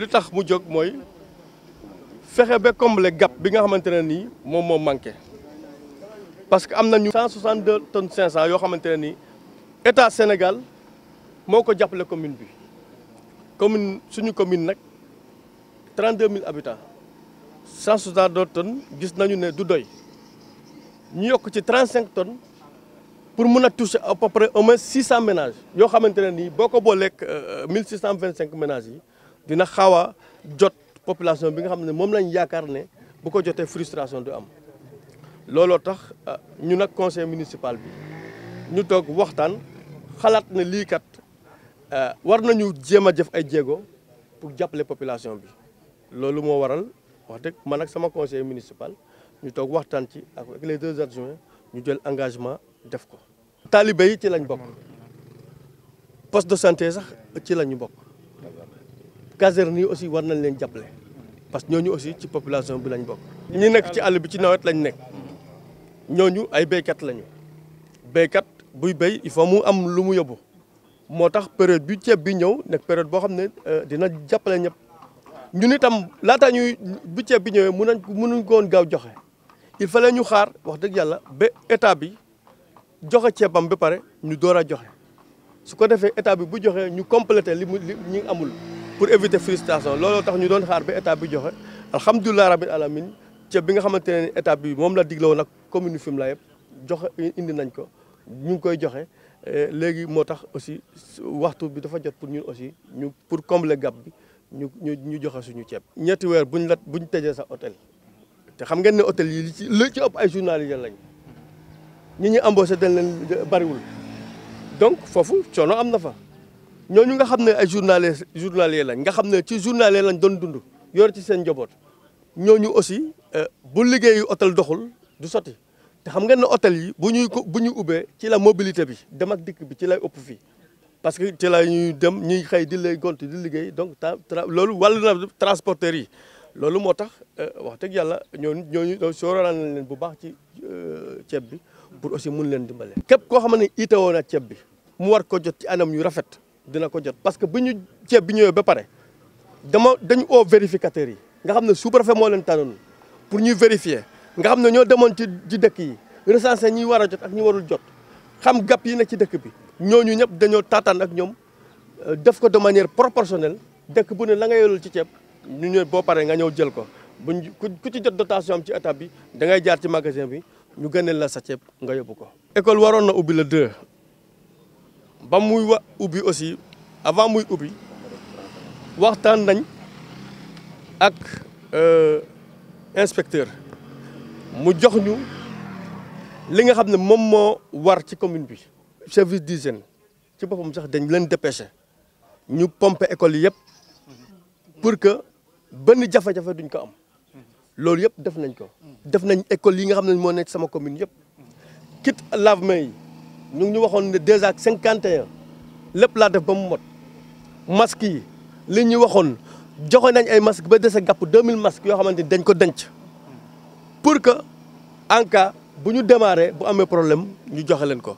li tax mu jóg mooy fexe ba combler gàpp bi nga xamante ne nii moom moom manqué parce que am ñu deux 162 cinq 500 yoo xamante ne nii état Sénégal moo ko jàppale commune bi commune suñu commune nag 32 cent habitants 162 tonnes gis nañu ne du doy ñu yokk ci cinq tonnes pour mun a toucher à peu près au moins 600 ménages yoo xamante ne nii boo ko euh, mille cent vingt cinq ménages yi. dina xaw a jot population bi nga xam ne moom lañ yaakaar ne bu ko jotee frustration du am looloo tax euh, ñu nag conseil municipal bi ñu toog waxtaan xalaat ne lii kat euh, war nañu jéem a jëf ay jéego pour jàppale population bi loolu moo waral wax dëgg man ak sama conseil municipal ñu toog waxtaan ci ak les deux adjoints ñu jël engagement def ko. taalibe yi ci lañ bokk poste de santé sax ci lañu bokk. caserne yi aussi war nañ leen jàppale parce que ñooñu aussi ci population bi lañ bokk. ñi nekk ci àll bi ci nawet lañ nekk ñooñu ay béykat lañu béykat buy béy il faut mu am lu mu yóbbu moo tax période bi ceeb bi ñëw nekk période boo xam ne euh, dina jàppale ñëpp ñun itam laataa ñuy bu ceeb bi ñëwee mënañ mënuñ ko woon gaaw joxe il fallait ñu xaar wax dëgg yàlla ba état bi joxe ceebam ba pare ñu door a joxe su ko defee état bi bu joxee ñu complété li li ñu amul. pour éviter frustration looloo tax ñu doon xaar ba état bi joxe alhamdulilah rabbil alamin ceeb bi nga xamante ne état bi moom la digloo nag commune Fimela yëpp joxe indi nañ ko ñu koy joxe eh, léegi moo tax aussi waxtu bi dafa jot pour ñu aussi ñu pour combler gap bi ñu ñu ñu joxe suñu ceeb. ñetti weer buñ la buñ tëjee sa hôtel te xam ngeen ne hôtel yi li ci li ci ëpp ay journalistes lañ ñi ñu embauché dañ leen bariwul donc foofu coono am na fa. ñooñu nga xam ne ay journaliste journalier lañ nga xam ne ci journalier lañ doon dund yor ci seen njaboot ñooñu aussi euh, bu liggéey hôtel doxul du sotti te xam nga ne hôtel yi bu ñuy ko bu ñu ubbee ci la mobilité bi dem ak dikk bi ci lay ëpp fii parce que ci la ñuy dem ñuy xëy di lay gont di liggéey donc ta loolu wàllu na transporteurs yi loolu moo tax euh, wax dëgg yàlla ñooñu ñooñu sóoraan leen bu baax ci euh, ceeb bi pour aussi mun leen dimbale. képp koo xam ne itewoo na ceeb bi mu war ko jot ci anam yu rafet. dina ko jot parce que bu ñu ceeb bi ñëwee ba pare dama dañu oo vérificateurs yi nga xam ne sous-préfet moo leen tànnoon pour ñuy vérifier nga xam ne ñoo demoon ci ci dëkk yi recensé ñi war a jot ak ñi warul jot xam gàpp yi ne ci dëkk bi ñooñu ñëpp dañoo taataan ak ñoom euh, def ko de manière proportionnelle dëkk bu ne la nga yorul ci ceeb ñu ñëw boo paree nga ñëw jël ko buñ ku ci jot dotation bi ci étape bi da ngay jaar ci magasin bi ñu gëneel la sa ceeb nga yóbbu ko. école waroon na ubbi le ba muy wa ubbi aussi avant muy ubbi waxtaan nañ ak euh, inspecteur mu jox ñu li nga xam ne moom moo war ci commune bi service d'hygiène ci boppam sax dañ leen dépêché ñu pomper école yi yëpp pour que benn jafe-jafe duñ ko am loolu yëpp def nañ ko def nañ école yi nga xam ne moo nekk sama commune yëpp kit lave yi ñu ngi ñu waxoon ne déjà cinquante et lépp laa def ba mu mot masques yi li ñu waxoon joxe nañ ay masques ba dese gàpp deux mille masques yoo xamante ni dañ ko denc pour que en cas bu ñu démarrer bu amee problème ñu joxe leen ko.